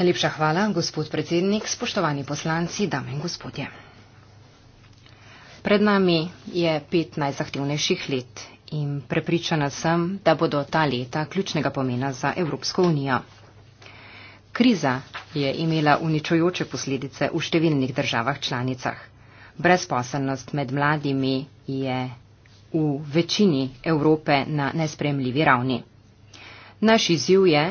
Najlepša hvala, gospod predsednik, spoštovani poslanci, dame in gospodje. Pred nami je pet najzahtevnejših let in prepričana sem, da bodo ta leta ključnega pomena za Evropsko unijo. Kriza je imela uničujoče posledice v številnih državah članicah. Brezposelnost med mladimi je v večini Evrope na nespremljivi ravni. Naš izziv je,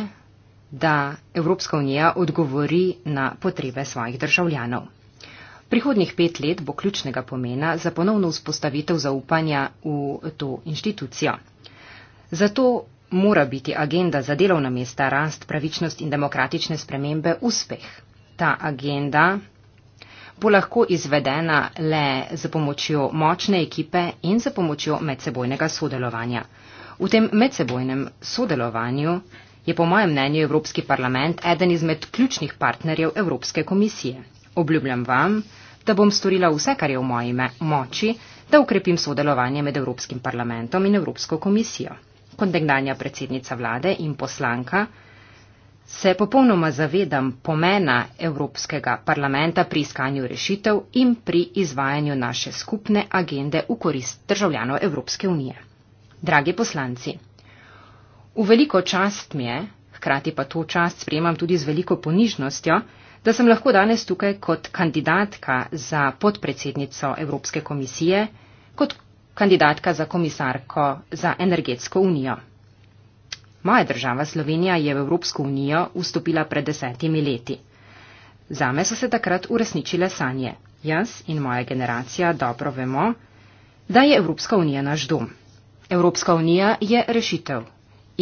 da Evropska unija odgovori na potrebe svojih državljanov. Prihodnih pet let bo ključnega pomena za ponovno vzpostavitev zaupanja v to inštitucijo. Zato mora biti agenda za delovna mesta rast, pravičnost in demokratične spremembe uspeh. Ta agenda bo lahko izvedena le z pomočjo močne ekipe in z pomočjo medsebojnega sodelovanja. V tem medsebojnem sodelovanju je po mojem mnenju Evropski parlament eden izmed ključnih partnerjev Evropske komisije. Obljubljam vam, da bom storila vse, kar je v moji moči, da ukrepim sodelovanje med Evropskim parlamentom in Evropsko komisijo. Kot nekdanja predsednica vlade in poslanka se popolnoma zavedam pomena Evropskega parlamenta pri iskanju rešitev in pri izvajanju naše skupne agende v korist državljanov Evropske unije. Dragi poslanci, V veliko čast mi je, hkrati pa to čast sprejemam tudi z veliko ponižnostjo, da sem lahko danes tukaj kot kandidatka za podpredsednico Evropske komisije, kot kandidatka za komisarko za energetsko unijo. Moja država Slovenija je v Evropsko unijo vstopila pred desetimi leti. Zame so se takrat uresničile sanje. Jaz in moja generacija dobro vemo, da je Evropska unija naš dom. Evropska unija je rešitev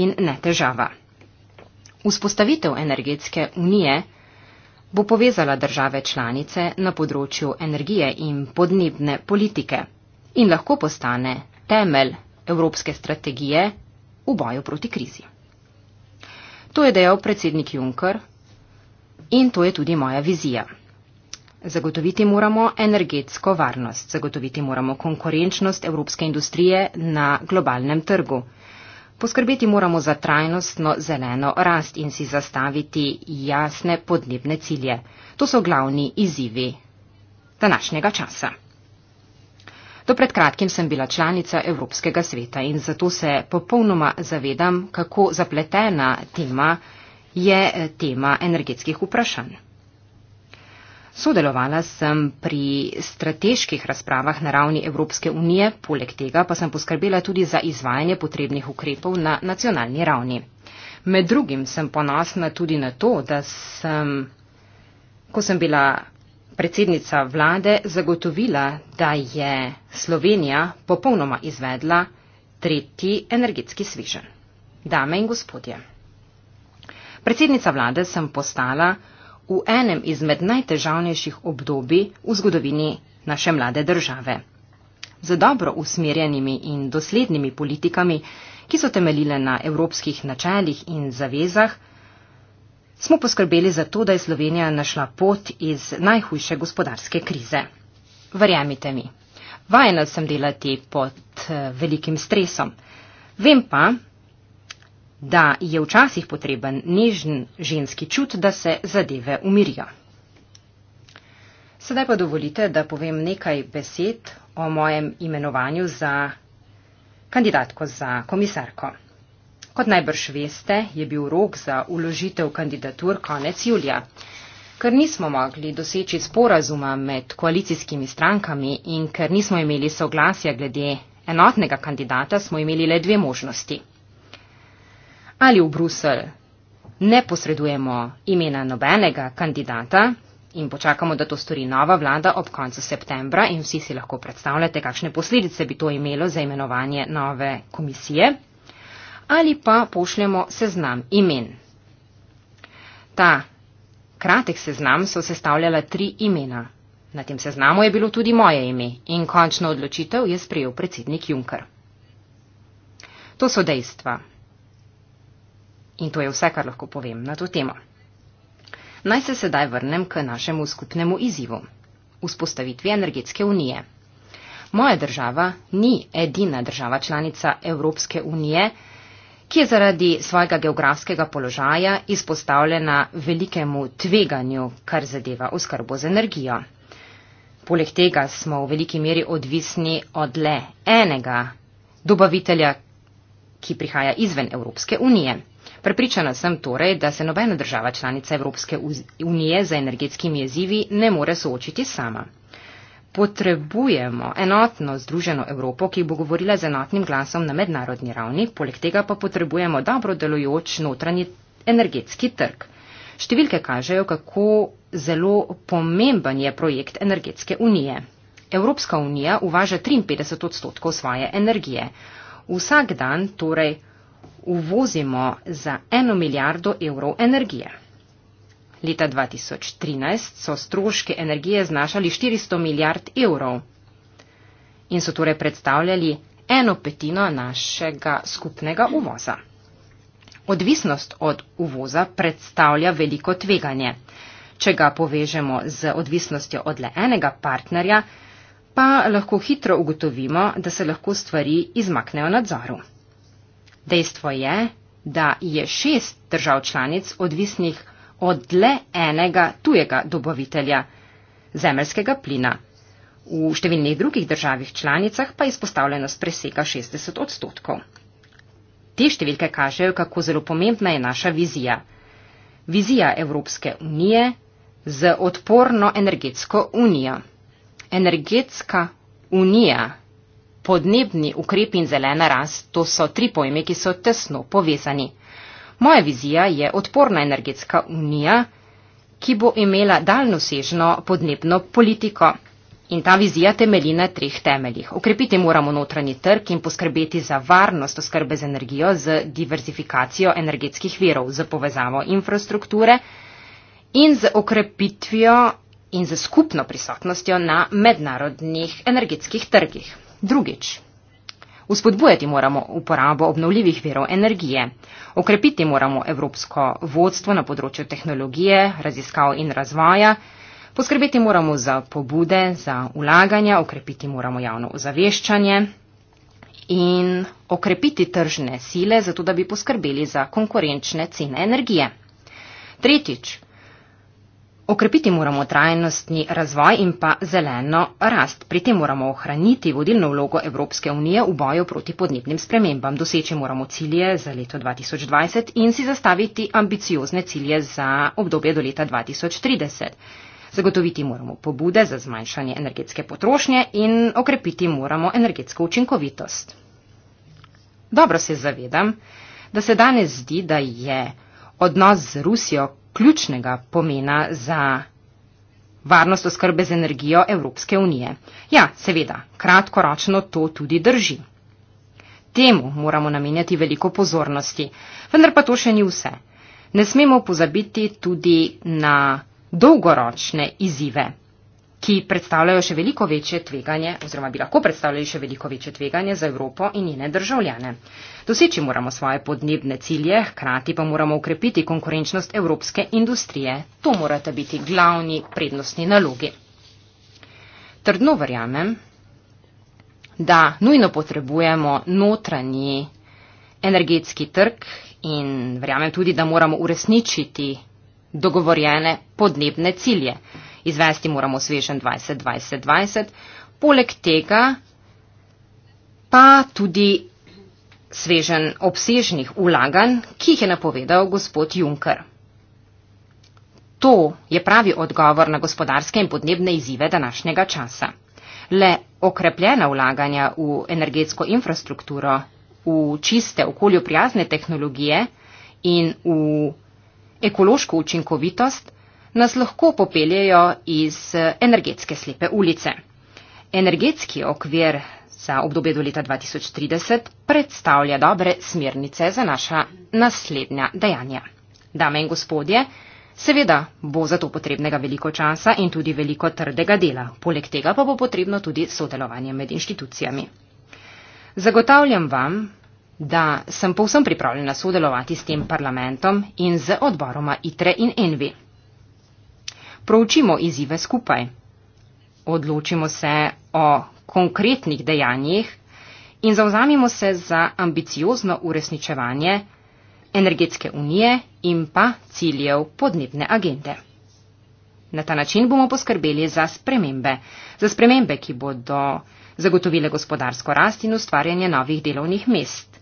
in ne težava. Vzpostavitev energetske unije bo povezala države članice na področju energije in podnebne politike in lahko postane temelj evropske strategije v boju proti krizi. To je dejal predsednik Juncker in to je tudi moja vizija. Zagotoviti moramo energetsko varnost, zagotoviti moramo konkurenčnost evropske industrije na globalnem trgu. Poskrbeti moramo za trajnostno zeleno rast in si zastaviti jasne podnebne cilje. To so glavni izzivi današnjega časa. Do pred kratkim sem bila članica Evropskega sveta in zato se popolnoma zavedam, kako zapletena tema je eh, tema energetskih vprašanj. Sodelovala sem pri strateških razpravah na ravni Evropske unije, poleg tega pa sem poskrbela tudi za izvajanje potrebnih ukrepov na nacionalni ravni. Med drugim sem ponosna tudi na to, da sem, ko sem bila predsednica vlade, zagotovila, da je Slovenija popolnoma izvedla tretji energetski svižen. Dame in gospodje. Predsednica vlade sem postala v enem izmed najtežavnejših obdobij v zgodovini naše mlade države. Z dobro usmerjenimi in doslednimi politikami, ki so temeljile na evropskih načeljih in zavezah, smo poskrbeli za to, da je Slovenija našla pot iz najhujše gospodarske krize. Verjemite mi, vajena sem delati pod eh, velikim stresom. Vem pa, da je včasih potreben nežen ženski čut, da se zadeve umirijo. Sedaj pa dovolite, da povem nekaj besed o mojem imenovanju za kandidatko za komisarko. Kot najbrž veste, je bil rok za uložitev kandidatur konec julija. Ker nismo mogli doseči sporazuma med koalicijskimi strankami in ker nismo imeli soglasja glede enotnega kandidata, smo imeli le dve možnosti ali v Bruselj. Ne posredujemo imena nobenega kandidata in počakamo, da to stori nova vlada ob koncu septembra in vsi si lahko predstavljate, kakšne posledice bi to imelo za imenovanje nove komisije. Ali pa pošljemo seznam imen. Ta kratek seznam so sestavljala tri imena. Na tem seznamu je bilo tudi moje ime in končno odločitev je sprejel predsednik Juncker. To so dejstva. In to je vse, kar lahko povem na to temo. Naj se sedaj vrnem k našemu skupnemu izzivu - vzpostavitvi energetske unije. Moja država ni edina država članica Evropske unije, ki je zaradi svojega geografskega položaja izpostavljena velikemu tveganju, kar zadeva oskrbo z energijo. Poleg tega smo v veliki meri odvisni od le enega dobavitelja, ki prihaja izven Evropske unije. Prepričana sem torej, da se nobena država članica Evropske unije za energetskimi jezivi ne more soočiti sama. Potrebujemo enotno združeno Evropo, ki bo govorila z enotnim glasom na mednarodni ravni, poleg tega pa potrebujemo dobro delujoč notranji energetski trg. Številke kažejo, kako zelo pomemben je projekt energetske unije. Evropska unija uvaža 53 odstotkov svoje energije. Vsak dan torej uvozimo za eno milijardo evrov energije. Leta 2013 so stroške energije znašali 400 milijard evrov in so torej predstavljali eno petino našega skupnega uvoza. Odvisnost od uvoza predstavlja veliko tveganje. Če ga povežemo z odvisnostjo od le enega partnerja, pa lahko hitro ugotovimo, da se lahko stvari izmaknejo nadzoru. Dejstvo je, da je šest držav članic odvisnih od le enega tujega dobavitelja zemeljskega plina. V številnih drugih državih članicah pa izpostavljenost presega 60 odstotkov. Te številke kažejo, kako zelo pomembna je naša vizija. Vizija Evropske unije z odporno energetsko unijo. Energetska unija podnebni ukrep in zelena rast, to so tri pojme, ki so tesno povezani. Moja vizija je odporna energetska unija, ki bo imela daljnosežno podnebno politiko. In ta vizija temelji na treh temeljih. Ukrepiti moramo notranji trg in poskrbeti za varnost oskrbe z energijo z diverzifikacijo energetskih verov, z povezavo infrastrukture in z okrepitvijo in z skupno prisotnostjo na mednarodnih energetskih trgih. Drugič, uspodbujati moramo uporabo obnovljivih verov energije. Okrepiti moramo evropsko vodstvo na področju tehnologije, raziskav in razvoja. Poskrbeti moramo za pobude, za ulaganja, okrepiti moramo javno ozaveščanje in okrepiti tržne sile, zato da bi poskrbeli za konkurenčne cene energije. Tretjič, Okrepiti moramo trajnostni razvoj in pa zeleno rast. Pri tem moramo ohraniti vodilno vlogo Evropske unije v boju proti podnebnim spremembam. Doseči moramo cilje za leto 2020 in si zastaviti ambiciozne cilje za obdobje do leta 2030. Zagotoviti moramo pobude za zmanjšanje energetske potrošnje in okrepiti moramo energetsko učinkovitost. Dobro se zavedam, da se danes zdi, da je odnos z Rusijo ključnega pomena za varnost oskrbe z energijo Evropske unije. Ja, seveda, kratkoročno to tudi drži. Temu moramo namenjati veliko pozornosti, vendar pa to še ni vse. Ne smemo pozabiti tudi na dolgoročne izzive ki predstavljajo še veliko večje tveganje oziroma bi lahko predstavljali še veliko večje tveganje za Evropo in njene državljane. Doseči moramo svoje podnebne cilje, hkrati pa moramo ukrepiti konkurenčnost evropske industrije. To morata biti glavni prednostni nalogi. Trdno verjamem, da nujno potrebujemo notranji energetski trg in verjamem tudi, da moramo uresničiti dogovorjene podnebne cilje izvesti moramo svežen 2020. Poleg tega pa tudi svežen obsežnih ulagan, ki jih je napovedal gospod Juncker. To je pravi odgovor na gospodarske in podnebne izzive današnjega časa. Le okrepljena ulaganja v energetsko infrastrukturo, v čiste okolju prijazne tehnologije in v ekološko učinkovitost nas lahko popeljejo iz eh, energetske slepe ulice. Energetski okvir za obdobje do leta 2030 predstavlja dobre smernice za naša naslednja dejanja. Dame in gospodje, seveda bo za to potrebnega veliko časa in tudi veliko trdega dela, poleg tega pa bo potrebno tudi sodelovanje med inštitucijami. Zagotavljam vam, da sem povsem pripravljena sodelovati s tem parlamentom in z odboroma ITRE in ENVI proučimo izzive skupaj, odločimo se o konkretnih dejanjih in zauzamimo se za ambiciozno uresničevanje energetske unije in pa ciljev podnebne agende. Na ta način bomo poskrbeli za spremembe, za spremembe, ki bodo zagotovile gospodarsko rast in ustvarjanje novih delovnih mest.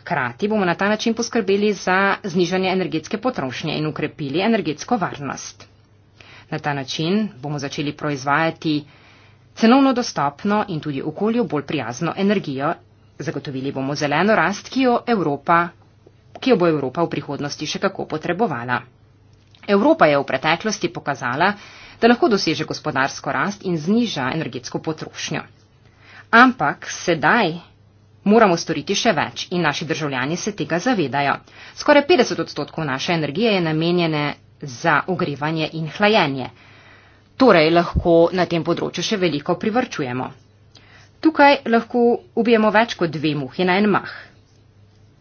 Hkrati bomo na ta način poskrbeli za znižanje energetske potrošnje in ukrepili energetsko varnost. Na ta način bomo začeli proizvajati cenovno dostopno in tudi okolju bolj prijazno energijo. Zagotovili bomo zeleno rast, ki jo, Evropa, ki jo bo Evropa v prihodnosti še kako potrebovala. Evropa je v preteklosti pokazala, da lahko doseže gospodarsko rast in zniža energetsko potrošnjo. Ampak sedaj moramo storiti še več in naši državljani se tega zavedajo. Skoraj 50 odstotkov naše energije je namenjene za ogrevanje in hlajenje. Torej lahko na tem področju še veliko privrčujemo. Tukaj lahko ubijemo več kot dve muhi na en mah.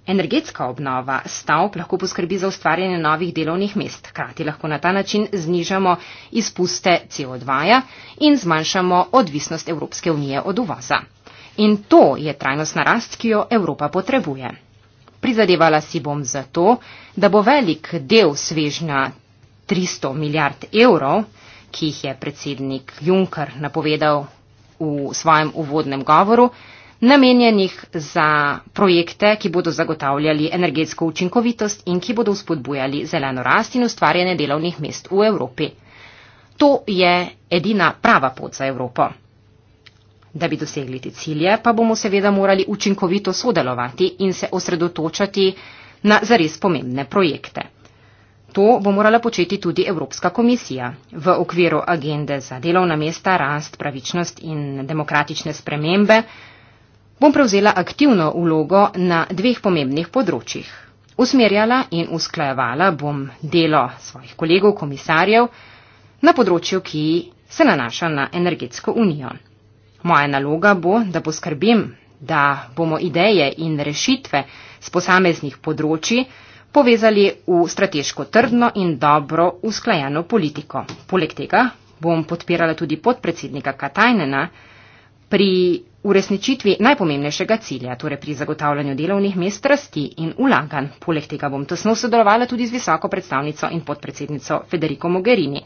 Energetska obnova stavb lahko poskrbi za ustvarjanje novih delovnih mest, krati lahko na ta način znižamo izpuste CO2 -ja in zmanjšamo odvisnost Evropske unije od uvoza. In to je trajnostna rast, ki jo Evropa potrebuje. Prizadevala si bom za to, da bo velik del svežnja 300 milijard evrov, ki jih je predsednik Juncker napovedal v svojem uvodnem govoru, namenjenih za projekte, ki bodo zagotavljali energetsko učinkovitost in ki bodo spodbujali zeleno rast in ustvarjanje delovnih mest v Evropi. To je edina prava pot za Evropo. Da bi dosegli te cilje, pa bomo seveda morali učinkovito sodelovati in se osredotočati na zares pomembne projekte. To bo morala početi tudi Evropska komisija. V okviru agende za delovna mesta, rast, pravičnost in demokratične spremembe bom prevzela aktivno ulogo na dveh pomembnih področjih. Usmerjala in usklajevala bom delo svojih kolegov, komisarjev na področju, ki se nanaša na energetsko unijo. Moja naloga bo, da poskrbim, da bomo ideje in rešitve z posameznih področji povezali v strateško trdno in dobro usklajeno politiko. Poleg tega bom podpirala tudi podpredsednika Katajnena pri uresničitvi najpomembnejšega cilja, torej pri zagotavljanju delovnih mest rasti in ulagan. Poleg tega bom tesno sodelovala tudi z visoko predstavnico in podpredsednico Federico Mogherini,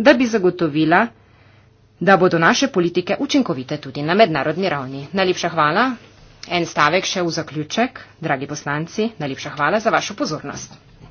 da bi zagotovila, da bodo naše politike učinkovite tudi na mednarodni ravni. Najlepša hvala. En stavek še v zaključek, dragi poslanci, najlepša hvala za vašo pozornost.